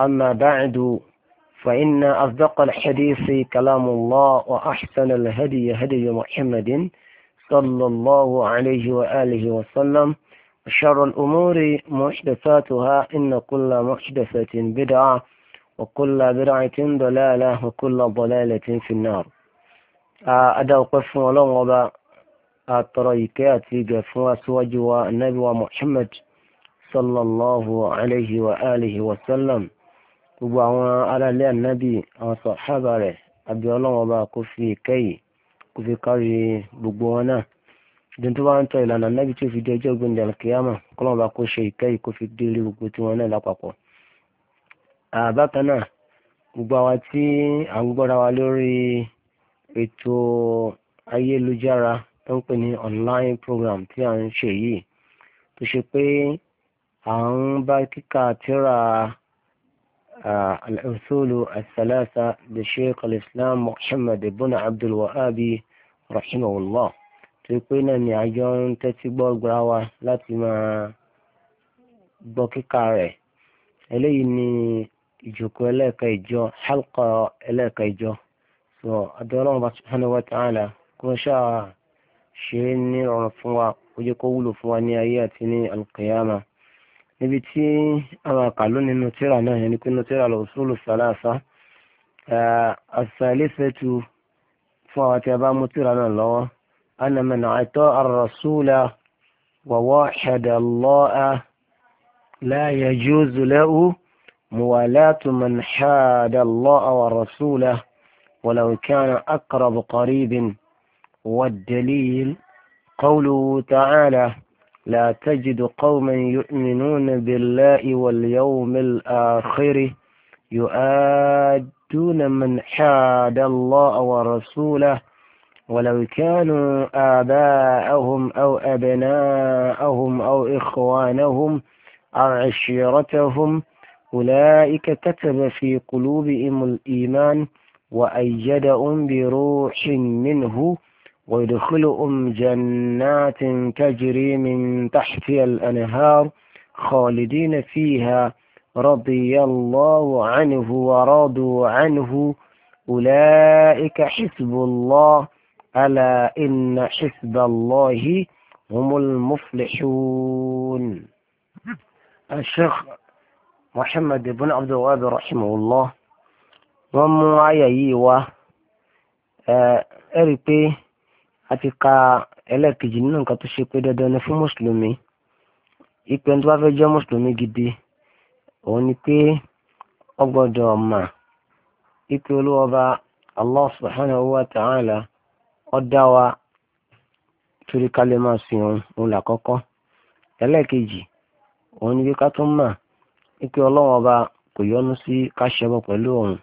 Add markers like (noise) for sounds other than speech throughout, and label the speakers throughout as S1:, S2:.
S1: أما بعد فإن أصدق الحديث كلام الله وأحسن الهدي هدي محمد صلى الله عليه وآله وسلم وشر الأمور محدثاتها إن كل محدثة بدعة وكل بدعة ضلالة وكل ضلالة في النار أدعو قسم ولغب الطريقات قسم سوجوا النبي محمد صلى الله عليه وآله وسلم gbogbo àwọn aráalé ànábì àwọn sọ̀hábà rẹ̀ àbí ọlọ́wọ́n ọba kò fi ìkẹ́yì kò fi kárí gbogbo wọn náà ìdí tó bá ń tọ́ ìlànà ànábì tí ó fi di ọjọ́ gbẹ̀ndẹ̀ alkiyama kọ́lọ́wọ́n ọba kò ṣe ìkẹ́yì kò fi dé ilé gbogbo tiwọn náà lápapọ̀. àbákan náà gbogbo àwa tí à ń gbọ́ra wa lórí ètò ayélujára tó ń pè ní online program tí à ń ṣe yìí tó ṣe pé à ń bá kíkà tíra الأصول الثلاثة لشيخ الإسلام محمد بن عبد الوهاب رحمه الله تقول أن عجون تتبع قراوة لاتما بوكيكا رẹ̀ eléyìí ni ìjòkó ẹlẹ́ẹ̀kẹjọ halqa ẹlẹ́ẹ̀kẹjọ so adọ́lọ́wọ́n bá subhanahu wa ta'ala kó ṣáà ṣe ní ọ̀rọ̀ fún wa ó jẹ́ kó wúlò fún wa ní ayé àti ní alqiyama níbi tí àwọn àkàlù nínú tíra náà yẹn ni pé nínú tíra lọ sólù sàlàsà àṣàlẹ́sẹ̀tù fún àwọn tí a bá mú tíra náà lọ́wọ́ anamọ̀nà àìtọ́ ar-rasula wa wahada Allah la yajuzu lahu muwalatu man hada Allah wa rasulahu ولو كان أقرب قريب والدليل قوله تعالى لا تجد قوما يؤمنون بالله واليوم الآخر يؤادون من حاد الله ورسوله ولو كانوا آباءهم أو أبناءهم أو إخوانهم أو عشيرتهم أولئك كتب في قلوبهم الإيمان وأيدهم بروح منه ويدخلهم جنات تجري من تحتها الأنهار خالدين فيها رضي الله عنه ورضوا عنه أولئك حسب الله ألا إن حسب الله هم المفلحون الشيخ محمد بن عبد الوهاب رحمه الله ومعيه mú àyà آه a ti ka ẹlẹ́ẹ̀kejì nínú nǹkan tó ṣe pé dandan ni fún mùsùlùmí ipe tó bá fẹ́ jẹ́ mùsùlùmí gidi òun ni pé ó gbọ́dọ̀ mà ipe olúwọba Allah subhanahu wa ta'ala wa torí máa òun ni pé ká tún mà ipe ọlọ́wọ́n ọba kò yọnu sí ká ṣẹbọ pẹ̀lú òun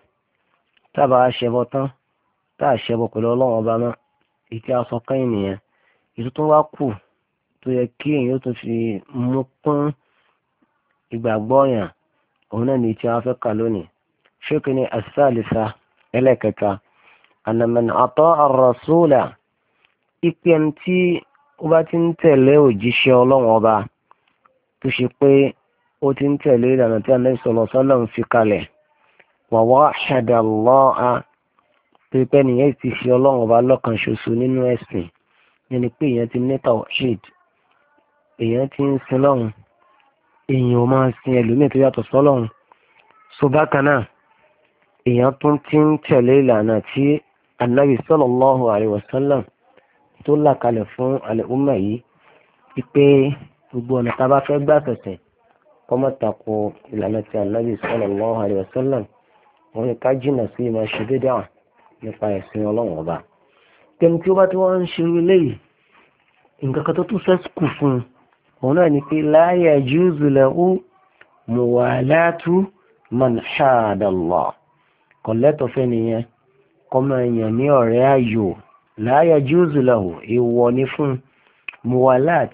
S1: a ṣẹbọ tán tá a ṣẹbọ pẹ̀lú ọba náà. ìkí aṣọ kẹ́yìn nìyẹn ètò tó wá kù tó yẹ kí èyàn tó fi mú kún ìgbàgbọ́ yàn òun náà ní tí wọ́n fẹ́ kà lónìí ṣéèkì ní asálìsá ẹlẹ́kẹta ànàmọ̀nà àtọ́ àrọ̀sọ́là ipe ẹni tí ó bá ti ń tẹ̀lé òjíṣẹ́ ọlọ́run ọba tó ṣe pé ó ti ń tẹ̀lé ìlànà tí anábìsọ̀lọ́sọ́lá ń fi kalẹ̀ wàwá ṣàdàlọ́ a torí pé nìyẹn ti fi ọlọ́run ọba lọ́kan ṣoṣo nínú ẹ̀sìn yẹni pé èèyàn ti ní tawhid èèyàn ti ń sin lọ́run èèyàn ò máa sin ẹlòmíì tó yàtọ̀ sọ́lọ́run so bákan náà èèyàn tún ti ń tẹ̀lé ìlànà tí anabi sallallahu alaihi wasallam tó là kalẹ̀ fún àlẹ́húmà yìí wípé gbogbo ọ̀nà tá a bá fẹ́ gbà tẹ̀sẹ̀ kọ́mọ́ ìlànà tí anabi sallallahu alaihi wasallam wọ́n yẹ ká jìnnà sí ìmọ̀ ṣe déédéé àwọn nípa ẹ̀sìn ọlọ́run ọba tẹni tí ó bá tí wọ́n ń ṣe eléyìí nǹkan kan tó tún sẹ́sùkù fún un òun náà ni pé la yajuzu lahu muwalatu man hada Allah kọ̀lẹ́tọ̀ fẹ́ nìyẹn kọ́mọ èèyàn ní ọ̀rẹ́ ayò la yajuzu lahu ìwọ ni fún muwalat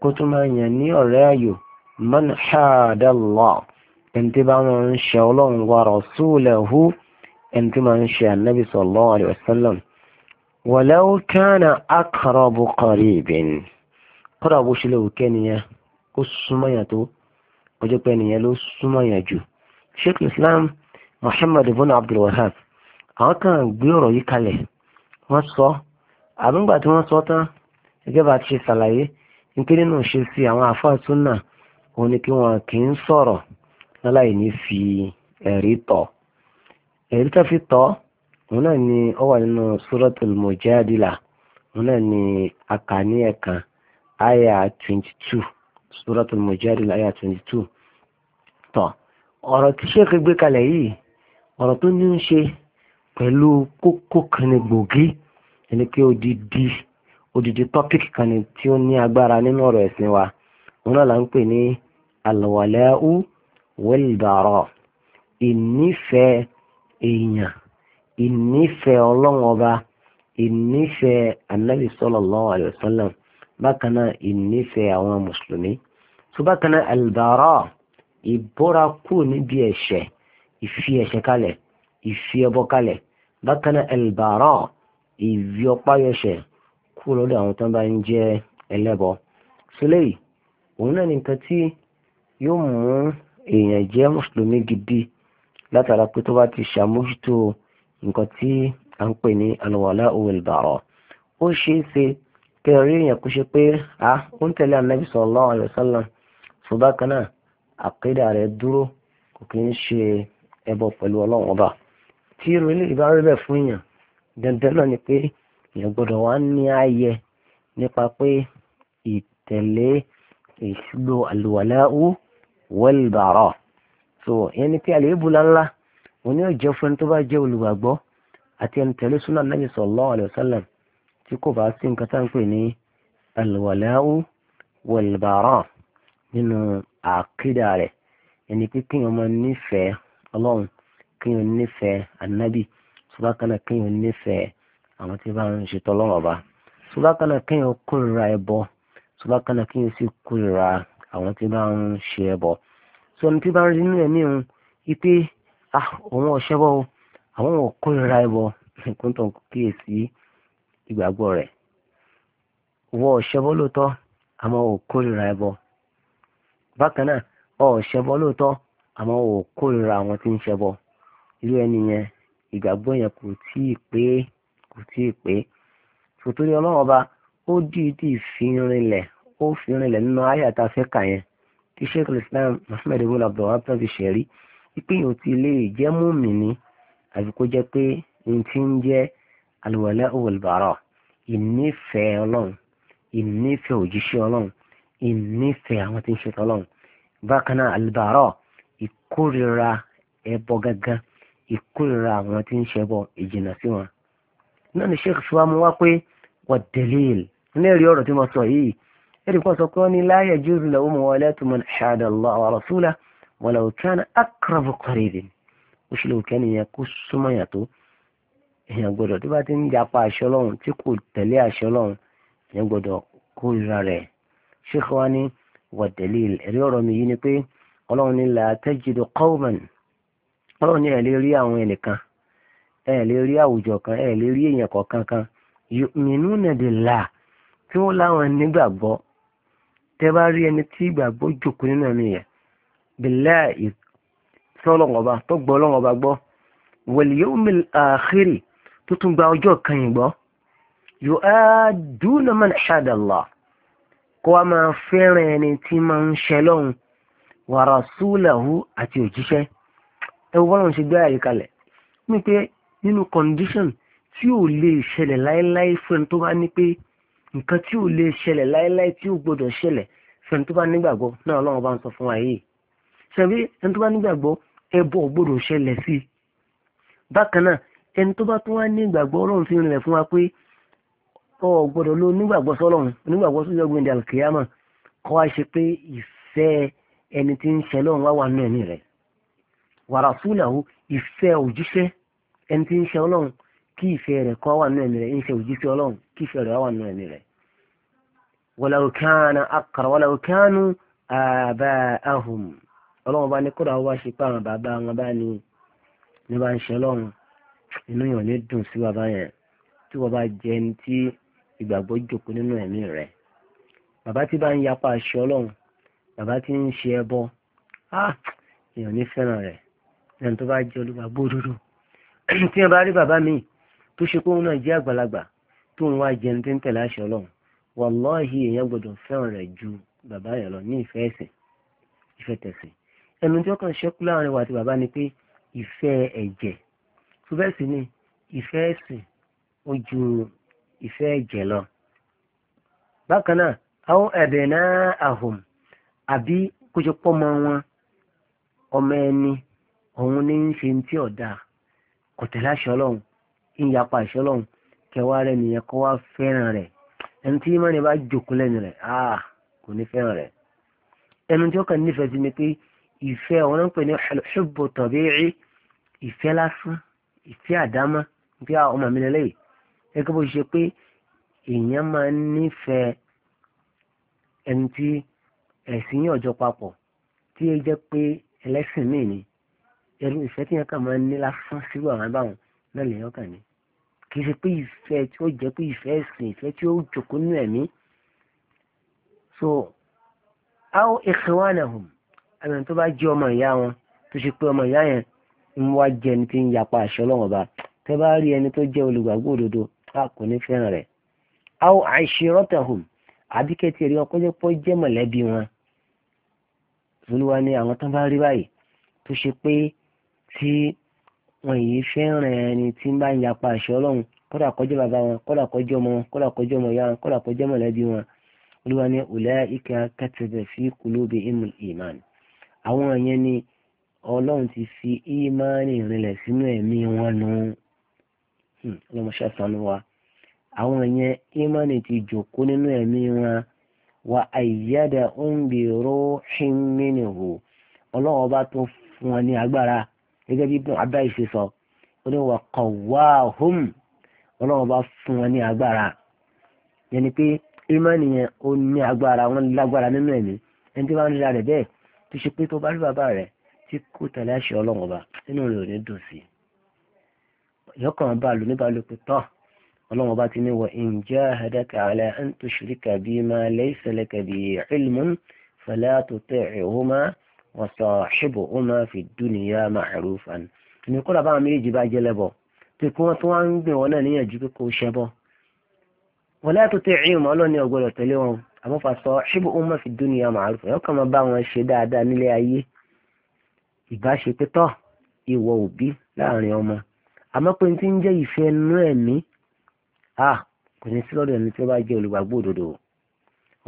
S1: kó tún máa yàn ní ọ̀rẹ́ ayò man hada tí bá wọn ń ṣe ọlọ́run wa rasulahu ẹni tí máa ń ṣe ànábì sallallahu alaihi wasallam walau kana aqrabu qaribin kọ́dà bó ṣe lè wù kẹ́niyàn ó súnmọ́ yàn tó ọjọ́ pé ẹnìyàn ló súnmọ́ yàn jù sheikh islam muhammad ibn abdul wahab àwọn kan gbé ọ̀rọ̀ yìí kalẹ̀ wọ́n sọ àbúgbà tí wọ́n sọ tán gẹ́gẹ́ bá ti ṣe ṣàlàyé nípé nínú ṣe sí àwọn àfáà súnà òun ni kí wọn kì í sọ̀rọ̀ láláì ní fi ẹ̀rí tọ̀ èyí tó fi tọ́ òun náà ni ó wà nínú suratul mujadila òun náà ni aka ní ẹ̀kan aya twenty two suratul mujadila aya twenty two tọ́ ọ̀rọ̀ tí sheikh gbé kalẹ̀ yìí ọ̀rọ̀ tó ní ń ṣe pẹ̀lú kókó kan ní gbòógì ẹni odidi odidi topic kan ni tí ó ní agbára nínú ọ̀rọ̀ ẹ̀sìn wa òun náà là ń pè ní alwala'u wal bara' ìnífẹ̀ẹ́ èèyàn ìnífẹ̀ẹ́ ọlọ́run ọba ìnífẹ̀ẹ́ anabi sallallahu alayhi wa sallam bákan náà ìnífẹ̀ẹ́ àwọn mùsùlùmí tó bákan náà albara ìbọ́ra kú níbi ẹ̀ṣẹ̀ ìfi ẹ̀ṣẹ̀ kalẹ̀ ìfi ẹbọ kalẹ̀ bákan náà albara ìfi ọpá yọṣẹ̀ kú lọ́dọ̀ àwọn tó bá ń jẹ́ ẹlẹ́bọ sílẹ̀ òun náà nìkan tí yóò mú èèyàn jẹ́ mùsùlùmí gidi látara pé tó bá ti ṣàmójútó nǹkan tí à ń pè ní alùwàlá òwìlbàrọ ó ṣeé ṣe kí ẹ rí èèyàn kó ṣe pé a ó ń tẹ̀lé anabi sallallahu alaihi wasallam ṣùgbọ́n kan náà àkédà rẹ̀ dúró kò kí ń ṣe ẹbọ pẹ̀lú ọlọ́run ọba tí irú ilé ìbá rí bẹ́ẹ̀ fún èèyàn dandan náà ni pé èèyàn gbọ́dọ̀ wá ní ààyè nípa pé ìtẹ̀lé ìṣúlò alùwàlá òwìlbàrọ so ìyẹn ni pé àléébù ńláńlá òní ọ̀jẹ̀ fún ẹni tó bá jẹ́ olùgbàgbọ́ àti ẹni tẹ̀lé súnà nàbì sallallahu alaihi wasallam tí kò bá sí nǹkan tá à ń pè ní alwala'u walbara nínú àkídà rẹ̀ ẹni pé kíyàn máa nífẹ̀ẹ́ ọlọ́run kíyàn nífẹ̀ẹ́ ànábì ṣùgbọ́n kíyàn nífẹ̀ẹ́ àwọn tí bá ń ṣe tọ́lọ́run ọba ṣùgbọ́n kíyàn kórìíra ẹbọ ṣùgbọ́n kíyàn sì kórìíra àwọn tí bá ń ṣe ẹbọ sọni tí bá ń rí nínú ẹ̀mí òun wípé òun ọ̀ṣẹ́bọ̀ o àwọn ò kórìíra ẹbọ nǹkan (laughs) tó ń kíyèsí ìgbàgbọ́ rẹ̀ wọ ọ̀ṣẹ́bọ̀ lóòótọ́ àmọ́ ò kórìíra ẹbọ bákan náà ọ̀ṣẹ́bọ̀ lóòótọ́ àmọ́ ò kórìíra àwọn tí ń ṣẹbọ irú ẹni yẹn ìgbàgbọ́ yẹn kò tí ì pé kò tí ì pé tòtòrí ọlọ́run ó dìídì fi rinlẹ̀ ó fi rinlẹ̀ nínú àyà tá a fẹ́ kà yẹn tí sheikh islam muhammed ibn abdulwahab tó fi ṣẹ̀rí pé yóò ti lè jẹ́ mùmínì àbí kó jẹ́ pé n ti ń jẹ́ alwala'u walbara ìnífẹ̀ẹ́ ọlọ́run ìnífẹ̀ẹ́ òjíṣẹ́ ọlọ́run ìnífẹ̀ẹ́ àwọn tí ń ṣe tọ́lọ́run bákan náà albara ìkórira ẹbọ gangan ìkórira àwọn tí ń ṣẹbọ ìjìnà sí wọn náà ni sheikh suwamu wá pé wà dẹ̀lẹ́ẹ̀lì nínú ẹ̀rí ọ̀rọ̀ tí mo sọ yìí ẹ̀rì kan sọ pé wọ́n ní láyé jùlọ lọ́wọ́ mọ̀ wọlé tó mọ̀ ṣáàdà lọ́wọ́ rọ̀súlà wọ́n lọ́wọ́ tí wọ́n akọ̀rọ̀bù kọ̀rẹ́dẹ̀ ó ṣe lè kẹ́ni yẹn kó súnmọ́ yàn tó èèyàn gbọ́dọ̀ tó bá ti ń japa àṣẹ ọlọ́run tí kò tẹ̀lé àṣẹ ọlọ́run èèyàn gbọ́dọ̀ kórìíra rẹ̀ ṣé kí wọ́n tẹ̀lé ẹ̀rí ọ̀rọ̀ mi yìí ni pé ọlọ́run ní la tajidu tí wọ́n láwọn nígbàgbọ́ tẹ́ bá rí ẹni tí ìgbàgbọ́ jòkó nínú ẹ̀mí yẹn bẹ̀lẹ́ ìsọ́lọ́ngọba tó gbọ́ ọlọ́ngọba gbọ́ wal yawmil akhiri tó tún gba ọjọ́ kan yìí gbọ́ yóò á dúnà man hada Allah kó a máa fẹ́ràn ẹni tí máa ń ṣe lọ́hùn wa rasulahu àti òjíṣẹ́ ẹ wọ́n lọ́n ṣe gbé àyè kalẹ̀ ní nínú condition tí ò lè ṣẹlẹ̀ láéláé fún ẹni tó bá ní pé nǹkan tí ò lè ṣẹlẹ̀ láéláé tí ò gbọdọ̀ ṣẹlẹ̀ fẹ́ni tó bá nígbàgbọ́ náà ọlọ́run bá ń sọ fún wa yìí ṣebí ẹni tó bá nígbàgbọ́ ẹbọ ò gbọdọ̀ ṣẹlẹ̀ sí i bákan náà ẹni tó bá tún wá nígbàgbọ́ ọlọ́run fi rìnlẹ̀ fún wa pé ọ gbọdọ̀ ló nígbàgbọ́ sọlọ́run nígbàgbọ́ sójú ọgbìn ìdí àlùkìyàmọ̀ kọ́ wá ṣe pé ìfẹ́ ẹni tí ń ṣe wá wà nù ẹ̀mí rẹ̀ wàrà fúlàwù ìfẹ́ òjíṣẹ́ ẹni tí ń ṣe ọlọ́run kí ìfẹ́ rẹ̀ kọ́ wà nù ẹ̀mí rẹ̀ ń ṣe òjíṣẹ́ ọlọ́run kí ìfẹ́ rẹ̀ wà nù ẹ̀mí rẹ̀ walau kana akara walau kanu aba'ahum ọlọ́run bá ní kódà wọ́n bá ṣe pé àwọn bàbá wọn bá ní ní bá ń ṣe ọlọ́run inú yàn ní dùn sí bàbá yẹn tí wọ́n bá jẹ ẹni tí ìgbàgbọ́ jòkó nínú ẹ̀mí rẹ̀ bàbá tí bá ń yapa àṣẹ ọlọ́run bàbá tí ń ṣe ẹbọ èèyàn ní fẹ́ràn rẹ̀ ẹni tó bá jẹ olùgbàgbọ́ òdodo tí wọ́n bá rí bàbá mi tó ṣe kóhun náà jẹ́ àgbàlagbà tóun wá jẹun tó ń tẹ̀lé àṣẹ ọlọ́run wàláhì èèyàn gbọdọ̀ fẹ́ràn rẹ̀ ju bàbá yẹn lọ ní ìfẹ́ ẹ̀sìn ìfẹ́ tẹ̀sìn ẹnu tí ó kàn ṣẹ́kù láàrin wa àti bàbá ni pé ìfẹ́ ẹ̀jẹ̀ tó bẹ́ẹ̀ sì ni ìfẹ́ ẹ̀sìn ó ju ìfẹ́ ẹ̀jẹ̀ lọ. bákan náà àwọn ẹ̀bẹ̀ náà àhùn àbí kó ṣe wọn ọmọ ẹni òun ní í ṣe tí ọ̀dà kọ̀tẹ́láṣọ́ lọ́hùn ìyapa ìṣọ́ lọ́hùn kẹwàá rẹ̀ nìyẹn kó wá fẹ́ràn rẹ̀ ẹni tí ìmọ̀ rẹ̀ bá jòkó lẹ́nu rẹ̀ ah kò ní fẹ́ràn rẹ̀ ẹnu tí ó kàn nífẹ̀ẹ́ sí ni pé ìfẹ́ àwọn náà ń pè ní ṣubú tọ̀bí rí ìfẹ́ lásán ìfẹ́ àdámọ́ bí i ọmọ mi lẹ́lẹ́yìí gẹ́gẹ́ bó ṣe pé èèyàn máa ń nífẹ̀ẹ́ ẹni tí ẹ̀sìn yìí ọjọ́ papọ̀ tí ó jẹ́ pé ẹlẹ́sìn míì ni ẹrú ìfẹ́ tí yẹn kàn máa ń ní lásán sílùú àwọn abáwọn náà lèèyàn kàn ní kì í ṣe pé ìfẹ́ tí ó jẹ́ pé ìfẹ́ ẹ̀sìn ìfẹ́ tí ó jòkó nínú ẹ̀mí so aw ikhwanahum àwọn tó bá jẹ́ ọmọ ìyá wọn tó ṣe pé ọmọ ìyá yẹn ń wá jẹ ẹni tí ń yapa àṣọ lọ́wọ́ bá tẹ bá rí ẹni tó jẹ́ olùgbàgbọ́ òdodo a kò ní fẹ́ràn rẹ̀ aw ashiratahum àbíkẹ́tì rí ọkọ jẹ́ pọ́ jẹ́ mọ̀lẹ́bí wọn olúwa ni àwọn tó bá rí báyìí tó ṣe pé tí. Si, wọn èyí fẹ́ràn ẹni tí ń bá ń yapa àṣẹ ọlọ́run kódà kọjọ bàbá wọn kódà kọjọ ọmọ wọn kódà kọjọ ọmọ ìyá wọn kódà kọjọ mọ̀lẹ́bí wọn olúwa ní ulaika kataba fi qulubihimul iman àwọn yẹn ni ọlọ́run ti fi ìmánì rinlẹ̀ sínú ẹ̀mí wọn nù hmm, ọlọ́mọṣàtánú wa àwọn yẹn ìmánì ti jòkó nínú ẹ̀mí wọn wa ayyadahum bi ruhin minhu ọlọ́run ọba tó gẹ́gẹ́ bí ibùn abáyé ṣe sọ ó ní wà qawwahum ọlọ́run bá fún wọn ní agbára yẹn ni pé ìmánì yẹn ó ní agbára wọn lágbára nínú ẹ̀mí ẹni tí wọ́n ń ra rẹ̀ bẹ́ẹ̀ tó ṣe pé tó bá rí bàbá rẹ̀ tí kò tẹ̀lé àṣẹ ọlọ́run ọba nínú rẹ̀ ò ní dùn sí i yọkàn bá lò níbà ló pé tán ọlọ́run ọba ti ní wọ in jahadaka ala an tushrika bima laysa laka bihi ilmun fala tuti'huma wa sahibuhuma fi dunya ma'rufan ní kódà báwọn méjèèjì bá jẹ́ lẹ́bọ̀ tí kí wọ́n tó wá ń gbé wọn náà níyànjú pé kò ṣẹbọ wọn láti tó ìrìn mọ́ lọ́ni ọ̀gbọ́dọ̀ tẹ̀lé wọn àmọ́ fa sahibuhuma fi dunya ma'rufan yọkàn máa bá wọn ṣe dáadáa nílé ayé ìbáṣe tọ́ ìwọ òbí láàrin ọmọ àmọ́ pé tí ń jẹ́ ìfẹ́ inú ẹ̀mí à kò ní sí lọ́dọ̀ ẹni tí ó bá jẹ́ olùgbàgbọ́ òdodo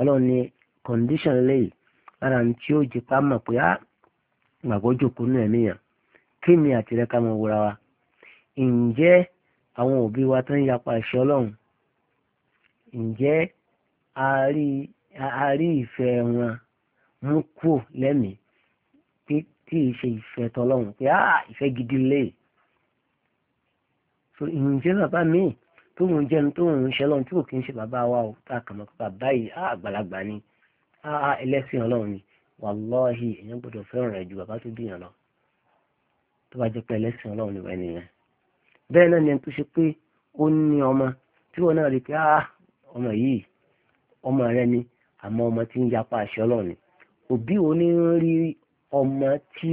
S1: ọlọ́run ni condition lẹ́yìn lára ní tí ó jẹ ká mọ̀ pé á ah, gbàgbọ́ jòkó nù ẹ̀mí yàn kí ni àtìrẹ́ ká mọ̀ wúra wa ǹjẹ́ àwọn òbí wa tó ń yapa ẹ̀ṣẹ̀ ọlọ́run ǹjẹ́ a rí ìfẹ́ wọn mú kú lẹ́mìí pé kí ṣe ìfẹ́ tọlọ́run pé á ah, ìfẹ́ gidi lè so ǹjẹ́ bàbá mi tóun jẹun tóun ń ṣẹlọ́run tí kò kí ń ṣe bàbá wa ò tá a pé bàbá yìí ah, àgbàlagbà ni áá ah, ẹlẹ́sìn ọlọ́run ni wàláhì èèyàn gbọ́dọ̀ fẹ́ràn rẹ̀ ju bàbá tó bí yàn lọ tó bá jẹ́ pé ẹlẹ́sìn ọlọ́run ni wẹ́n nìyẹn bẹ́ẹ̀ náà ni ẹni tó ṣe pé ó ní ọmọ tí wọn náà rí pé áá ah, ọmọ yìí ọmọ rẹ ni àmọ́ ọmọ tí ń yapa àṣẹ ọlọ́run ni òbí wo ni rí ọmọ tí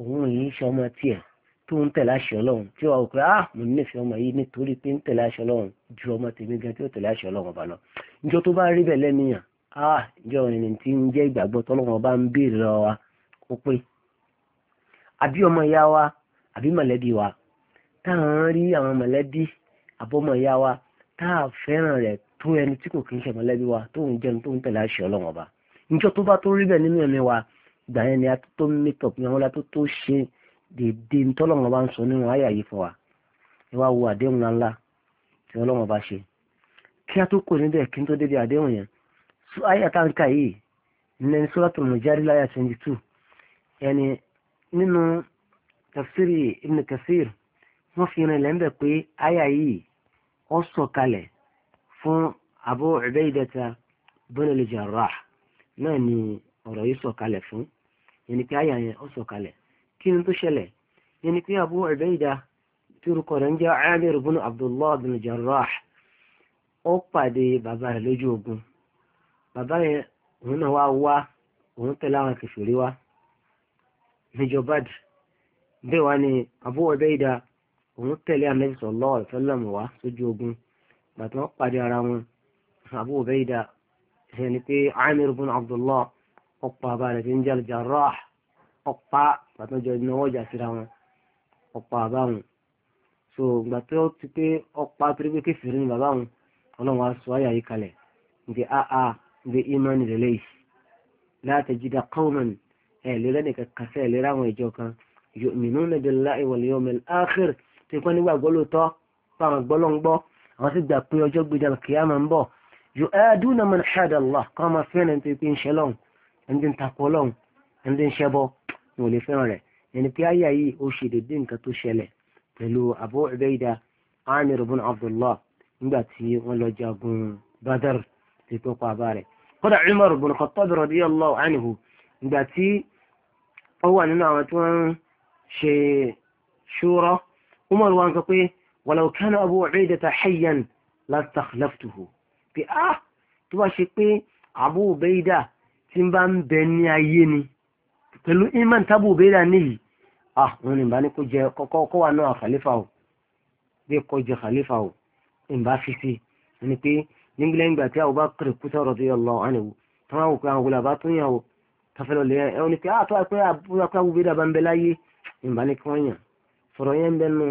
S1: òun yìí ṣe ọmọ tiẹ̀ tó ń tẹ̀lé àṣẹ ọlọ́run tí wàá pé ah mo nífẹ̀ẹ́ ọmọ yìí nítorí pé ń tẹ̀lé àṣẹ ọlọ́run ju ọmọ tèmi gan tí ó tẹ̀lé àṣẹ ọlọ́run ọba lọ. ìjọ tó bá rí bẹ́ẹ̀ lẹ́nìyàn ah ìjọ ìrìn tí ń jẹ́ ìgbàgbọ́ tọ́lọ́wọ́n bá ń béèrè lọ wa kó pé àbí ọmọ ìyá wa àbí mọ̀lẹ́bí wa táwọn rí àwọn mọ̀lẹ́bí àbọ́mọ ìyá wa tá a fẹ́ràn rẹ̀ tó ẹni tí kò kí ń ṣe mọ̀lẹ́bí wa tó ń jẹun tó ń tẹ̀lé àṣẹ ọlọ́wọ́n ba ìjọ tó bá tó rí bẹ́ẹ̀ nínú ẹ̀mí wa ìgbà yẹn ni a tó mítọ̀ ní àwọn látó tó ṣe dèdè tọ́lọ́wọ́n bá ń sọ nínú àyà yìí fún wa ẹ wá wo àdéhùn ńláńlá tí ọlọ́wọ́n bá ṣe kí a tó kò níbẹ̀ kí n tó débi àdéhùn yẹn ayé àtàǹkà yìí ní suratul mujadila ayé twenty two ẹni nínú tafsiri ibn kathir wọ́n fi rìn lẹ́ńbẹ̀ pé ayé yìí ó sọ̀kalẹ̀ fún abu ubaidata bin al-jarrah náà ni ọ̀rọ̀ yìí sọ̀kalẹ̀ fún yẹni pé ayé yẹn ó sọ̀kalẹ̀ kí ni tó ṣẹlẹ̀ yẹni pé abu ubaida tí orúkọ rẹ̀ ń jẹ́ amir bin abdullah bin jarrah ó pàdé bàbá rẹ̀ lójú ogun bàbá yẹn òun náà wá wá òun tẹ̀lé àwọn kẹfìrí wá níjọba dì bẹ́ẹ̀ wá ní Abu Ubaida òun tẹ̀lé Ànábì sallallahu alaihi wasallam wá sójú ogun bàtà wọn pàdé ara wọn Abu Ubaida ẹni pé Amir ibn Abdullah ọ̀pá abalẹ̀ tí ń jẹ́ Jarrah ọ̀pá bàtà jọ náwó jà síra wọn ọ̀pá àbáwọn so ìgbà tí ó ti pé ọ̀pá torí pé kéfìrí ni bàbá wọn ọlọ́run á sọ ayà yìí nígbà áá بإيمان إليه لا تجد قوما لذلك كثير لرام يجوكا يؤمنون بالله واليوم الآخر تكون يبقى قولوا تا فارق بلون بو غسد قيو جوك بجا القيامة بو يؤادون من حاد الله قام فين انت يكون شلون عندن تقولون عندن شبو ولي فين يعني في آية يي أوشي الدين كتوشيلي pẹ̀lú Abu Ubaida Amir ibn Abdullah nígbà tí wọ́n lọ jagun Badr ti tó pa bá rẹ̀ kódà Umar ibn Khattab radiyallahu anhu ìgbà tí ó wà nínú àwọn tí wọ́n ṣe ṣúrọ́ Umar wa ń sọ pé walau kana Abu Ubaida hayyan lastakhlaftuhu pé á ah, tó bá ṣe pé Abu Ubaida tí ń bá ń bẹ ní ayé ni pẹ̀lú iman tábù Ubaida níyì ah wọn ni bá ní kó jẹ kọ́kọ́ wà náà khalifa o bí kó jẹ khalifa o ìbá fi sí ẹni pé níbi lẹ́yìn ìgbà tí Abubakar kúta radiyallahu anhu táwọn òkú àwọn òkúlà bá tún yàwó tafẹ́lọ lè ẹ̀ ní pé àtọ́ àpẹ́ àbúrápá wúbẹ́dà bá ń bẹ láyé ìbá ní kí wọ́n yàn sọ̀rọ̀ yẹn ń bẹ nu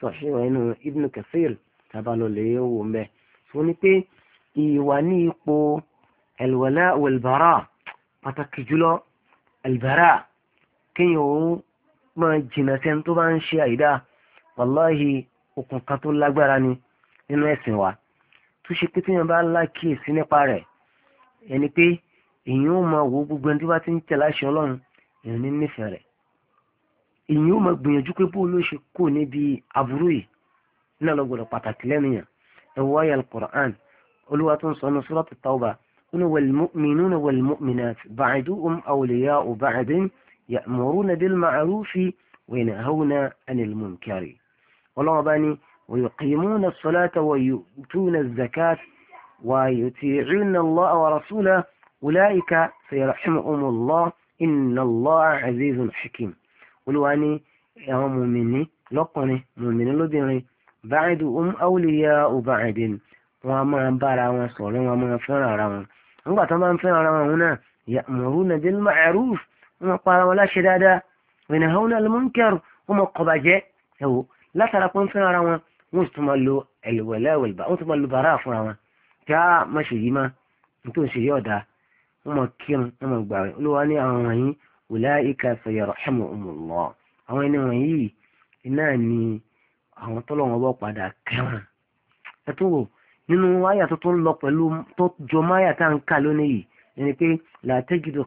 S1: sọ̀ṣẹ́ rẹ̀ nu Ibn Kathir tabalọ lè wò ń bẹ tó ní pé ìwà ní ipò al-wala pàtàkì jùlọ al kéèyàn ó máa jìnà sẹ́ni tó bá ń ṣe àìdá wàláhì okùn kan tó lágbára ni nínú ẹ̀sìn wa tó ṣe pé téèyàn bá lákìyèsí nípa rẹ̀ ẹni pé èyàn ó máa wo gbogbo ẹni tó bá ti ń tẹ̀lé àṣẹ ọlọ́run èyàn ní nífẹ̀ẹ́ rẹ̀ èyàn ó máa gbìyànjú pé bó ló ṣe kó níbi aburú yìí náà lọ pàtàkì lẹ́nu yàn ẹ̀wọ́ ayé quran olúwa tó ń sọ ọ́nà Surat at-Tawbah ó ní wal-mu'minuna wal-mu'minat ba'duhum awliya'u ba'din ya'muruna bil-ma'rufi wa yanhawna 'anil munkari ọlọ́wọ́ bá ní ويقيمون الصلاة ويؤتون الزكاة ويطيعون الله ورسوله أولئك سيرحمهم الله إن الله عزيز حكيم ولواني يا مؤمني لقني مؤمني لديني بعد أم أولياء بعد وما أنبارا وصولا وما أنفرارا وما أنفرارا هنا يأمرون بالمعروف وما قال ولا شدادا وينهون المنكر وما قبجة لا تركون فرارا وما wọ́n sì tún máa lo ẹ̀lẹ̀wẹ̀lẹ̀ ẹ̀wẹ̀lẹ̀ bá wọ́n tún máa lo bàárà fúnra wọn kí á má ṣe yí má tó ń ṣe yí ọ̀dà wọ́n máa kírun wọ́n máa gbà wọ́n olúwa ní àwọn wọ̀nyí ulaika sayarhamuhumullah àwọn ẹni wọ̀nyí iná ni àwọn tọ́lọ́wọ́n bọ́ padà kẹwọn ẹ tó wò nínú wáyà tó tún lọ pẹ̀lú tó jọ máyà tá ń kà lónìí yìí ni pé la tajidu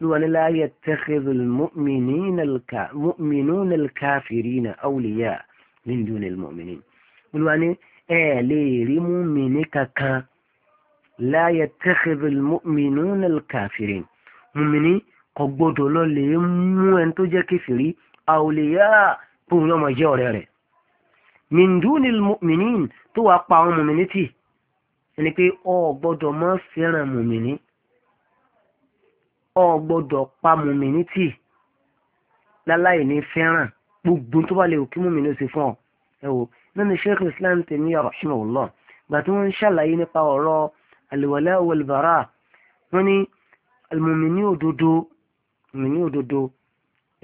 S1: ló wà ní láyé tẹ́kẹ̀dùl mọ́mìnún káfìrínà áwùlìyà nínú ní mọ́mìnín ló wà ní ẹ lè rí mọ́mìnín kankan láyé tẹ́kẹ̀dùl mọ́mìnún káfìrín mọ́mìnín kò gbọ́dọ̀ lọ lè mú ẹni tó jẹ́ kẹfìrí áwùlìyà bóun náà máa jẹ́ ọ̀rẹ́ rẹ̀ min dúnì mọ́mìnín tó wàá pa àwọn mọ́mìnín tì ẹni pé o gbọ́dọ̀ má fẹ́ràn mọ́mìnín ọ gbọ́dọ̀ pa mùmíní tì láláì ní fẹ́ràn gbogbo tó bá lè kí mùmíní ṣe fún ọ ẹ wò nínú sheikh islam Taymiyya rahimahullah gbà tí wọ́n ń ṣàlàyé nípa ọ̀rọ̀ al-wala wal-bara wọ́n ní mùmíní òdodo mùmíní òdodo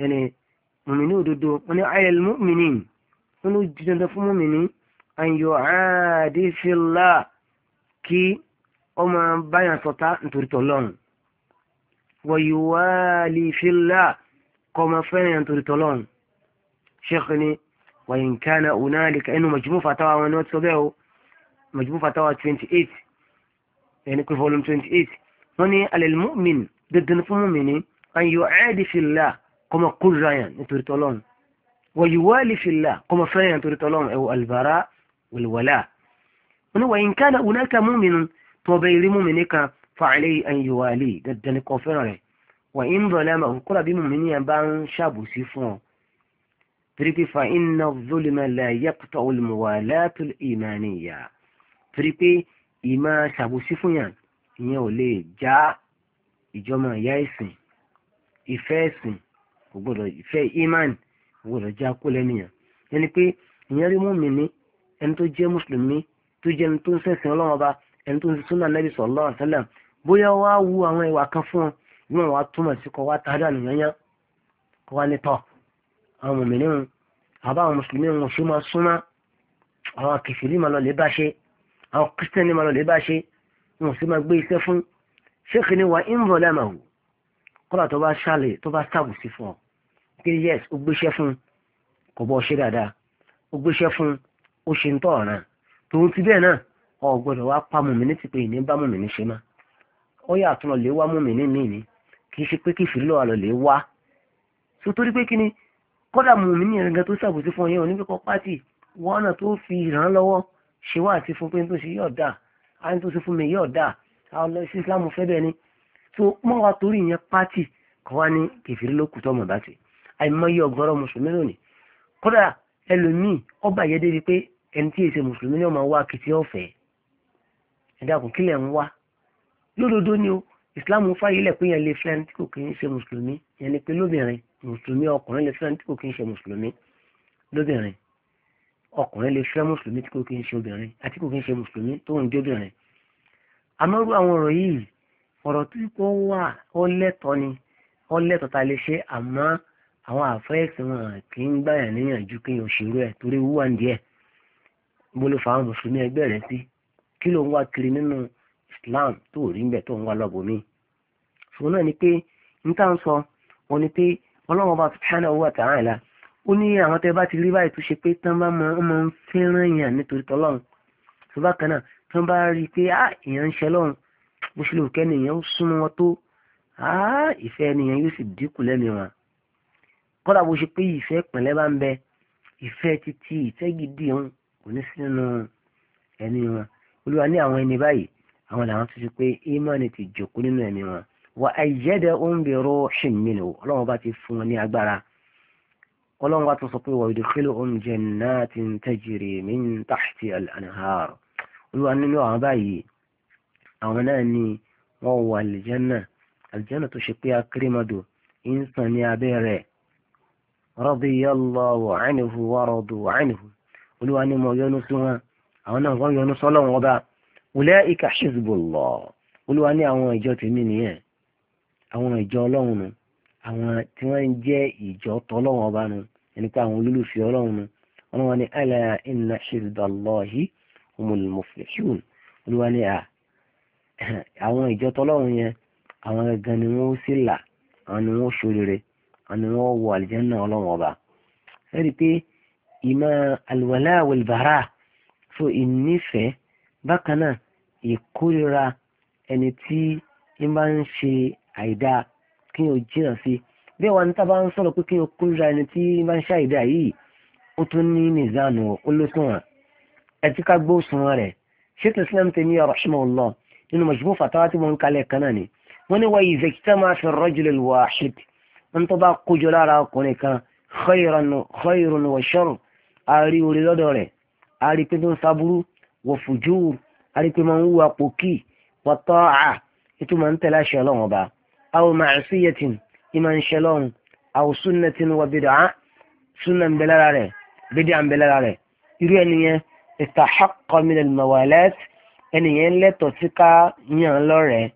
S1: ẹni mùmíní òdodo wọ́n ní ayẹl mùmíní wọ́n ní jíjẹun fún mùmíní ayọ̀ àádìsílá kí ọmọ báyà sọta nítorí tọ́lọ́run wàyíwáàlì fílà kọmọ fẹ́rẹ̀ nítorí tọ́lọ́n ṣéèkì ni wàyínkánà onálìkà inú majmu fatawa wọn ni wọ́n ti sọ bẹ́ẹ̀ o majmu fatawa 28 ẹni pé volume 28 wọ́n ní alẹ́lmọ́min dandan fún mọ́mi ni an yóò ẹ́ẹ̀dì fílà kọmọ kúrìyàn nítorí tọ́lọ́n wàyíwáàlì fílà kọmọ fàálẹ́ ẹ̀yìnwá lè dandan ní kọ́ fẹ́ràn rẹ̀ wà ń bọ̀ lẹ́mọ̀ kọ́lá bí mùmíní yẹn bá ń ṣàbòsí fún ọ torí pé fa iná zulima la yaqta al-muwalatul imaniya torí pé ìmọ̀ ṣàbòsí fún yàn ìyẹn ò lè já ìjọmọ ìyá ẹ̀sìn ìfẹ́ ẹ̀sìn kò gbọ́dọ̀ ìfẹ́ iman kò já kó lẹ́nìyàn ẹni pé ìyẹn rí mùmíní ẹni tó jẹ́ mùsùlùmí tó jẹ́ ẹni tó ń ṣẹ̀sìn ọlọ́run ẹni tó ń ṣe súnà nẹ́bí sallallahu alaihi wasallam bóyá wá wu àwọn ìwà kan fún wọn níwọ̀n wá túmọ̀ sí kọ́ wá tàdà nìyẹn kọ́ wá nítọ̀ àwọn mòmìnirin àbá àwọn mùsùlùmí wọn ṣe máa súnmọ́ àwọn kìfìrí máa lọ lè bá ṣe àwọn kírísítẹ́nì máa lọ lè bá ṣe wọn sì máa gbé iṣẹ́ fún ṣéèkì ni wà ń bọ̀ lẹ́màwò kọ́lá tó bá ṣàlẹ̀ tó bá ṣàbùsí fún ọ pé yẹs ó gbéṣẹ́ fún kò bọ́ ṣe dáadáa ó gbéṣẹ́ fún ó ṣe ń tọ̀ ọ̀ràn tòun ti bẹ́ẹ̀ náà ò wá pa mòmìnir ti pé ìní bá mòmìnir ṣe máa ó yà tún lọ lè wá mùmínì míì ni kì í ṣe pé kí ìfìlú àlọ́ lè wá so torí pé kí ni kódà mùmínì ẹ̀rẹ̀gẹ̀ tó ṣàbòsí fún ọyẹ́ oníkẹ́kọ̀ọ́ pátì wọ́n náà tó fi ràn án lọ́wọ́ ṣe wá àti fún pé tó ṣe yóò dà á ní tó ṣe fún mi yóò dà á lọ sí Islam fẹ́ bẹ́ẹ̀ ni so mọ́ wa torí ìyẹn pátì kọ́ wá ní kẹfìrí ló kù tó mọ̀ bá ti àìmọye ọgọ́rọ̀ mùsùlùmí lónìí kódà ẹlòmíì ọba yẹn débi pé ẹni tí èsè mùsùlùmí ni ọmọ wa kìtì ọ̀fẹ́ ẹ̀dá kò kílẹ̀ ń wá lódodo ni o ìsìláàmù fàyè lẹ̀ pé yẹn lè fẹ́ ẹni tí kò kì í ṣe mùsùlùmí yẹn ni pé lóbìnrin mùsùlùmí ọkùnrin lè fẹ́ ẹni tí kò kì í ṣe mùsùlùmí lóbìnrin ọkùnrin lè fẹ́ mùsùlùmí tí kò kì í ṣe obìnrin àti kò kì í ṣe mùsùlùmí tó ń jóbìnrin amọ́rú àwọn ọ̀rọ̀ yìí ọ̀rọ̀ tí kò wà ọlẹ́tọ̀ ni ọlẹ́tọ̀ ta lè ṣe àmọ́ àwọn àfẹ́ẹ̀sì wọn kì í n islam tó rí ń bẹ̀ tó ń wá lọ́bùnmí ṣùgbọ́n náà ni pé n tá ń sọ wọn ni pé ọlọ́run ọba subhanahu wa ta'ala ó ní àwọn tẹ́ bá ti rí báyìí tó ṣe pé tán bá mọ ọmọ ń fẹ́ràn èèyàn nítorí tọ́lọ́run tó bá kan náà tán bá rí i pé á èèyàn ń ṣe lọ́run bó ṣe lè kẹ́ ni èèyàn súnmọ́ wọn tó á ìfẹ́ ènìyàn yóò sì dínkù lẹ́nu wọn kódà bó ṣe pé ìfẹ́ pẹ̀lẹ́ bá ń bẹ ìfẹ́ títí ìfẹ́ gidi òun kò ní sí ẹni wọn olúwa ní àwọn ẹni báyìí àwọn làwọn tó ṣe pé imani ti jòkó nínú ẹ̀mí wọn wà àìyẹ́dẹ̀ oúnjẹ rọ ṣìmìnà ọlọ́run bá ti fún wọn ní agbára ọlọ́run bá tó sọ pé wà ìdíkílò oúnjẹ náà ti ń tẹ́jìrì mí tàṣìtì al olúwa nínú àwọn báyìí àwọn náà ni wọ́n wà àlìjẹ́nà àlìjẹ́nà tó ṣe pé akérèmọdò ń sàn ní abẹ́ rẹ̀ radiyallahu anhu wa radu anhu olúwa ni mo yọ́nú sí wọn àwọn náà wọ́n yọ́nú sọ́lọ́run ọba ulaika hizbullah olúwa ní àwọn ìjọ tèmi nìyẹn àwọn ìjọ ọlọ́run nu àwọn tí wọ́n ń jẹ́ ìjọ tọ́lọ́run ọba nu ẹni pé àwọn olólùfẹ́ ọlọ́run nu ọlọ́run ní ala inna hizballahi humul muflihun olúwa ní à àwọn ìjọ tọ́lọ́run yẹn àwọn gangan ni wọ́n sì là àwọn ni wọ́n ṣoríire àwọn ni wọ́n wọ àlìjẹ́nà ọlọ́run ọba ẹ̀rí pé ìmọ̀ alwala walbara so ìnífẹ̀ẹ́ bákan náà ìkórira ẹni tí ń bá ń ṣe àìdá kí n ò jìnà sí bí àwọn anita bá ń sọ̀rọ̀ pé kí n ò kórira ẹni tí ń bá ń ṣe àìdá yìí ó tún ní nìzánu olóṣùwọ̀n ẹtí ká gbó òṣùwọ̀n rẹ̀ ṣètò Islam Taymiyya rahimahullah nínú majmu' fatawa tí wọ́n ń kalẹ̀ kan náà ni wọ́n ní wáyé ijtama'a fi ar-rajuli al-wahid wọ́n tó bá kójọ lára ọkùnrin kan khayrun khayrun wa sharr orí lọ́dọ̀ rẹ̀ àárí pé tó ń wọ fujur arípe máa ń wúwa pòkì wọ tọ́ọ̀à ètò máa ń tẹ̀lé àṣẹ ọlọ́run ọba aw ma'siyatin ìmọ̀ ń ṣe lọ́run aw sunnatin wọ bid'ah súnà ń bẹ lára rẹ̀ bídà ń bẹ lára rẹ̀ irú ẹnìyẹn istahaqqa min al-mawalat ẹnìyẹn lẹ́tọ̀ọ́ sí ká yàn lọ́rẹ̀ẹ́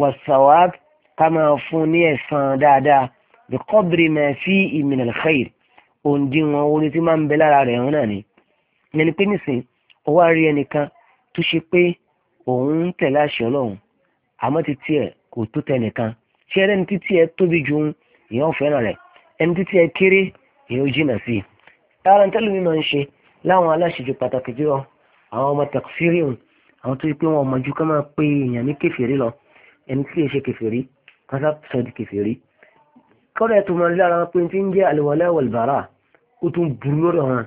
S1: wasawab ká máa fún ní ẹ̀san dáadáa bí qadri ma fihi min al-khair òǹdíwọ̀n orí tí máa ń bẹ rẹ̀ ọ̀hún náà ni. yẹn pé nísìnyí ó wá rí ẹnìkan tó ṣe pé òun ń tẹ̀lé àṣẹ ọlọ́run àmọ́ títí ẹ̀ kò tó tẹnìkan ṣé ẹni títí ẹ tóbi ju èèyàn fẹ́ràn rẹ̀ ẹni títí ẹ kéré èèyàn jìnà sí i ara ń tẹ́lẹ̀ mi máa ń ṣe láwọn aláṣejù pàtàkì jùlọ àwọn ọmọ tàkìsírì àwọn tó yẹ pé wọn mọ̀jú ká máa pe èèyàn ní kẹfìrí lọ ẹni tí èèyàn ṣe kẹfìrí kan sọ di kẹfìrí kọ́dà ẹ̀ tó máa lára wọn pé ti ń jẹ́ àlùwàlá wàlbàrà ó tún burú lórí wọn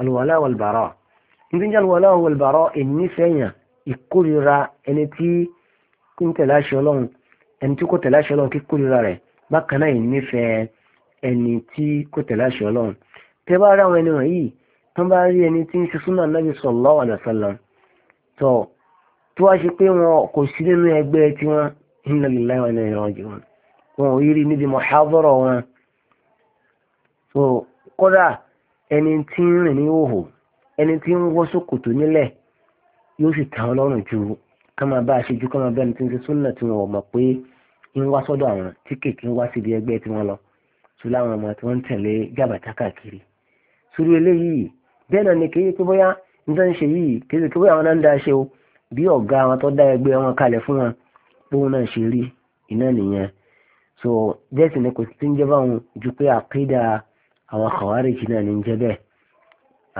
S1: àlùwàlá wàlbàrà ibi ń jálùwọ́ ọlọ́run olùbàrọ̀ ìnífẹ̀yàn ìkórira ẹni tí ń tẹ̀lé àṣẹ ọlọ́run ẹni tí kò tẹ̀lé àṣẹ ọlọ́run kí kórira rẹ̀ bákan náà ìnífẹ̀ẹ́ ẹni tí kò tẹ̀lé àṣẹ ọlọ́run tẹ bá rí àwọn ẹni wọ̀nyí tó bá rí ẹni tí ń ṣe súnà nàbì sallallahu alaihi wasallam tó tó wá ṣe pé wọn kò sí nínú ẹgbẹ́ tí wọ́n inna lillahi wa inna ilaihi raji'un wọn kódà ẹni tí ń rìn ní òhò ẹni tí ń wọ́ sókòtò nílẹ̀ yóò sì tàn lọ́rùn ju ká máa bá a ṣe ju ká máa bẹ́ni tí ń ṣe súnà tí wọ́n mọ̀ pé ń wá sọ́dọ̀ àwọn tí kèké ń wá síbi ẹgbẹ́ tí wọ́n lọ tó láwọn ọmọ tí wọ́n ń tẹ̀lé jàbàtà káàkiri sórí eléyìí bẹ́ẹ̀ náà ni kì í pé bóyá ń tán ṣe yìí kì í pé àwọn náà ń da ṣe o bí ọ̀gá wọn tó dá ẹgbẹ́ wọn kalẹ̀ fún wọn bóun náà ṣe rí iná nìyẹn so jẹ́sìn ni kò sí ti ń jẹ́ báwọn ju pé àkídà àwọn kàwárìjì náà ní ń jẹ́ bẹ́ẹ̀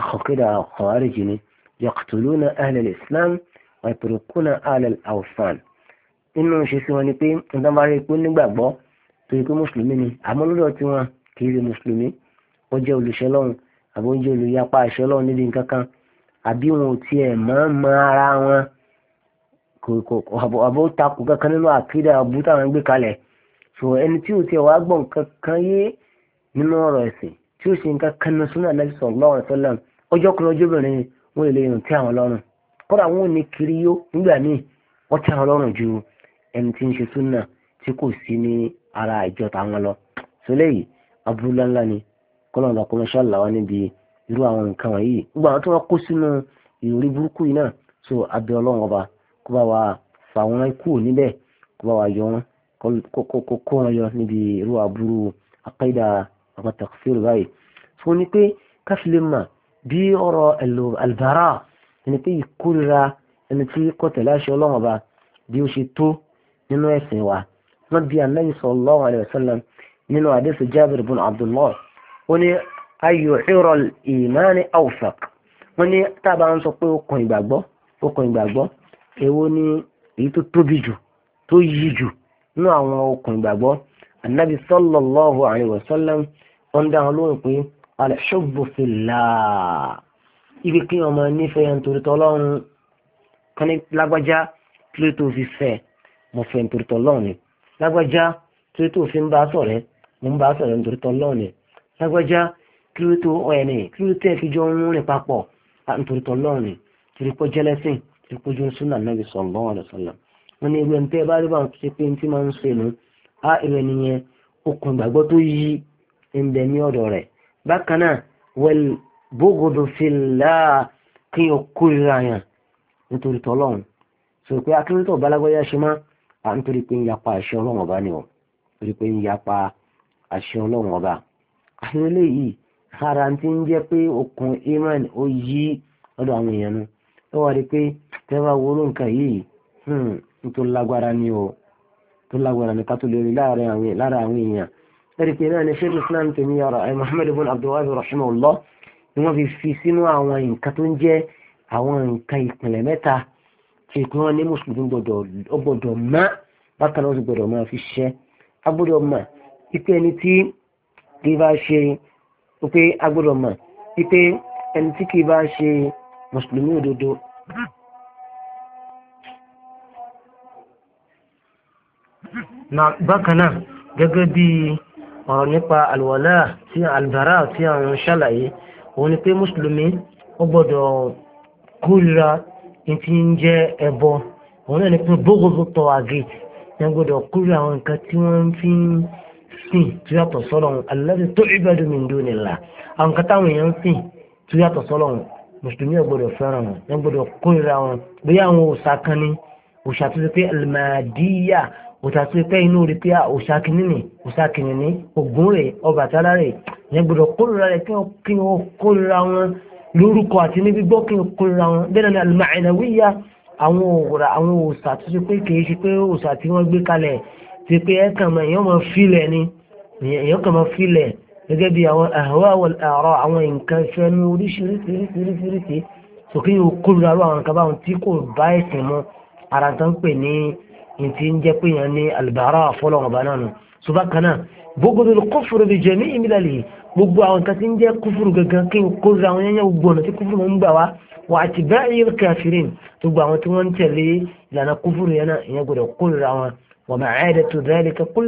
S1: àkọ́kẹ́dà khawarij ni yaqtuluna ahlal islam wa yatrukuna ahlal awsan nínú ṣe sí wọn ni pé nígbà bá rí pé nígbàgbọ́ tó yẹ pé mùsùlùmí ni àmọ́ lọ́dọ̀ tí wọn kì í rí mùsùlùmí ó jẹ́ olùṣẹ́lọ́run àbó ń jẹ́ olùyapa ìṣẹ́lọ́run níbi nǹkan kan àbí wọn ò tiẹ̀ mọ́ mọ́ ara wọn àbó takò kankan nínú àkídà àbú táwọn gbé kalẹ̀ so ẹni tí ò tiẹ̀ wá gbọ́ nǹkan kan yé nínú ọ̀rọ̀ ẹ̀sìn tí ó ṣe nǹkan kan náà sunnah Nabi sallallahu alaihi wasallam ọjọ́ kan ọjọ́ obìnrin wọn lè lè tí àwọn lọ́rùn kódà wọn ò ní kiri yó nígbà míì wọ́n tí àwọn lọ́rùn ju ẹni tí ń ṣe súnà tí kò sí ní ara ìjọ táwọn lọ sọlẹ̀ yìí abúlé ńlá ni kọ́nà ọ̀dà kọ́nà ṣáàlà wa níbi irú àwọn nǹkan wọ̀nyí gbogbo àwọn tí wọ́n kó sínú ìrírí burúkú yìí náà so abẹ́ ọlọ́run ọba kó bá wa fà wọn kú níbẹ̀ kó bá wa yọ wọn kó wọn yọ níbi irú àbúrú àkàìdá àwọn tàkìsírò báyìí fún ni pé káfílẹ̀ máa bí ọ̀rọ̀ albara ẹni pé ìkórira ẹni tí kò tẹ̀lé àṣẹ ọlọ́run ọba bí ó ṣe tó nínú ẹ̀sìn wa wọ́n bí anabi sallallahu alayhi wa sallam nínú àdéṣe Jabir bin Abdullah ó ní ayò ìrọ̀ ìmáni awsaq wọ́n ní tábà ń sọ pé okùn ìgbàgbọ́ okùn ìgbàgbọ́ èwo ni èyí tó tóbi jù tó yí jù nínú àwọn okùn ìgbàgbọ́ anabi sallallahu alayhi wọ́n dá wọn lóhùn pé alẹ́ṣọ́bù fìlà ibi kí ọmọ nífẹ̀ẹ́ ntorítọ́ ọlọ́run kan lágbájá kí ló tó fi fẹ́ mo fẹ́ ntorítọ́ ọlọ́run ni lágbájá kí ló tó fi ń bá sọ̀rẹ́ mo ń bá sọ̀rẹ́ ntorítọ́ ọlọ́run ni lágbájá kí ló tó ọ̀ ẹ̀nì kí ló tẹ́ fi jọ ń rìn papọ̀ ntorítọ́ ọlọ́run ni tìrìpọ̀ jẹ́lẹ́sìn tìrìpọ̀ jù súnà ń ṣe pé ntí máa ń ṣe bákan náà wal bughdu fillah kí o kórìíra yàn nítorí tọ́lọ́run sọ pé akíntọ́ balagbọ́yá ṣe má à ń torí pé ń yapa àṣẹ ọlọ́run ọba ni ọ torí pé ń yapa àṣẹ ọlọ́run ọba àwọn eléyìí ara ti ń jẹ́ pé okùn iman ó yí ọ̀dọ̀ àwọn èèyàn nu ó wà rí pé tẹ́wà wúrú nǹkan yìí hmm, tó lágbára ni ó tó lágbára ni ká tó lè rí lára àwọn èèyàn ẹ̀rìkì náà ni sheikh islam tèmi yàrá ẹ̀ eh, muhammed ibn abdulwahab rahimahullah ni wọ́n fi fi sínú àwọn nǹkan tó ń jẹ́ àwọn nǹkan ìpìlẹ̀ mẹ́ta tí ìpín wọn ní mùsùlùmí gbọ́dọ̀ má bákan náà ó sì gbọ́dọ̀ máa fi ṣẹ́ agbọ́dọ̀ mà ipe ẹni tí kì bá ṣe pé agbọ́dọ̀ mà ipe ẹni tí kì bá ṣe mùsùlùmí òdodo na bákan náà gẹ́gẹ́ bí ọ̀rọ̀ nípa àlùwàlá tí àlùbárà tí àwọn ṣàlàyé òun ni pé mùsùlùmí ó gbọ́dọ̀ kórìíra tí ń jẹ́ ẹbọ òun náà ni pé bógógó tọ́ àgèjì yẹn gbọ́dọ̀ kórìíra àwọn nǹkan tí wọ́n fi ń sìn tó yàtọ̀ sọ́lọ̀ alladhi tu'badu min dunillah àwọn nǹkan táwọn èèyàn ń sìn tó yàtọ̀ sọ́lọ̀ mùsùlùmí ò gbọ́dọ̀ fẹ́ràn wọn yẹn gbọ́dọ̀ kórìíra wọn bóyá àwọn òòṣà kan pé almadiyya òṣàtú pé inú rí ah, pé òṣàkíní ni òṣàkíní ni ògún rè ọbàtálá rè yẹn gbọ́dọ̀ kórìíra rẹ̀ kí wọ́n kórìíra wọn lórúkọ àti níbi gbọ́ kí wọ́n kórìíra wọn bẹ́ẹ̀ ni al-ma'nawiyya àwọn òwòrà àwọn òṣà tó ṣe pé kìí ṣe pé òṣà tí wọ́n gbé kalẹ̀ ti pé ẹ̀kàn mọ̀ èèyàn máa filẹ̀ ni èèyàn kàn máa filẹ̀ gẹ́gẹ́ bí àwọn ahwa wal ara àwọn nǹkan ìfẹ́ ní oríṣiríṣiríṣiríṣi sòkè yóò kórìíra àwọn nǹkan báwọn tí kò bá ẹ̀sìn mọ́ ara tán pè ní ìtì ń jẹ́ pé yẹn ní alìbàárà fọlọ́ọ̀bá náà nù ṣùgbọ́n kan náà gbogbo kófòrò bíi jẹ́ ní ìmìlẹ̀lì gbogbo àwọn kan tí ń jẹ́ kófòrò gangan kí n kó ra àwọn yẹn gbogbo ọ̀nà tí kófòrò ń gbà wá wà á ti bẹ́ẹ̀ yẹ káfírin gbogbo àwọn tí wọ́n ń tẹ̀lé ìlànà kófòrò yẹn náà ìyẹn gbọ́dọ̀ kó ra wọn wà ẹ̀ẹ́dẹ̀ tó dáyẹ̀lẹ̀ ká kó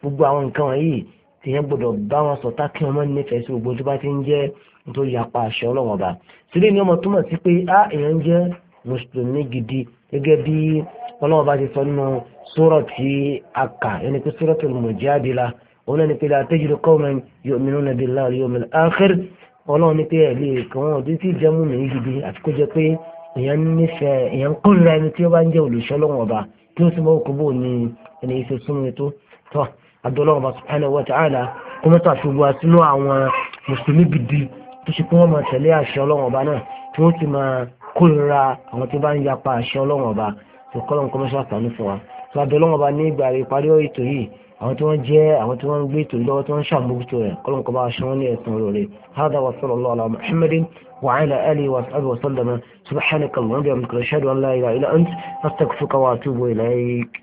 S1: gbogbo àwọn nǹkan wọ̀nyí tí yẹn gbọ́dọ̀ bá wọn sọ̀tá kí wọ́n má nífẹ̀ẹ́ sí gbogbo tó bá ti ń jẹ́ nítorí apá aṣọ ọlọ́wọ́n ọba sílẹ̀ ni ọmọ túmọ̀ sí pé á ah, ìyẹn ń jẹ́ mùsùlùmí gidi gẹ́gẹ́ bí ọlọ́wọ́ bá ti sọ nínú sọ́rọ̀ tí a kà ẹni pé suratul mujadila òun náà ni pé la tajidu qawman yu'minuna billahi wal yawmil akhir ọlọ́wọ́ ni pé ẹ̀lẹ́ kan ọdún tí jẹ́ mú mi gidi àti kó jẹ pé èèyàn nífẹ̀ẹ́ èèyàn kórìíra ẹni tí ó bá ń jẹ́ olùṣọ́ lọ́wọ́ ọba tí ó sì mọ́ òkú bò ní ẹni ìfẹ́ súnmi tó tọ́ máa kórìíra àwọn tí bá ń yapa àṣẹ ọlọ́run ọba tó kọ́lọ́n kọ́mọ́ṣọ́ àtàánú fún wa tó abẹ ọlọ́run ọba ní ìgbà ìparí ètò yìí àwọn tí wọ́n jẹ́ àwọn tí wọ́n ń gbé ètò yìí lọ́wọ́ tí wọ́n ń ṣàmójútó rẹ̀ kọ́lọ́n kọ́ba aṣọ wọn ní ẹ̀sán rẹ̀ hádà wa sallallahu ala muhammadin wa ala alihi wa sahbihi wa sallama subhanaka allahumma wa bihamdika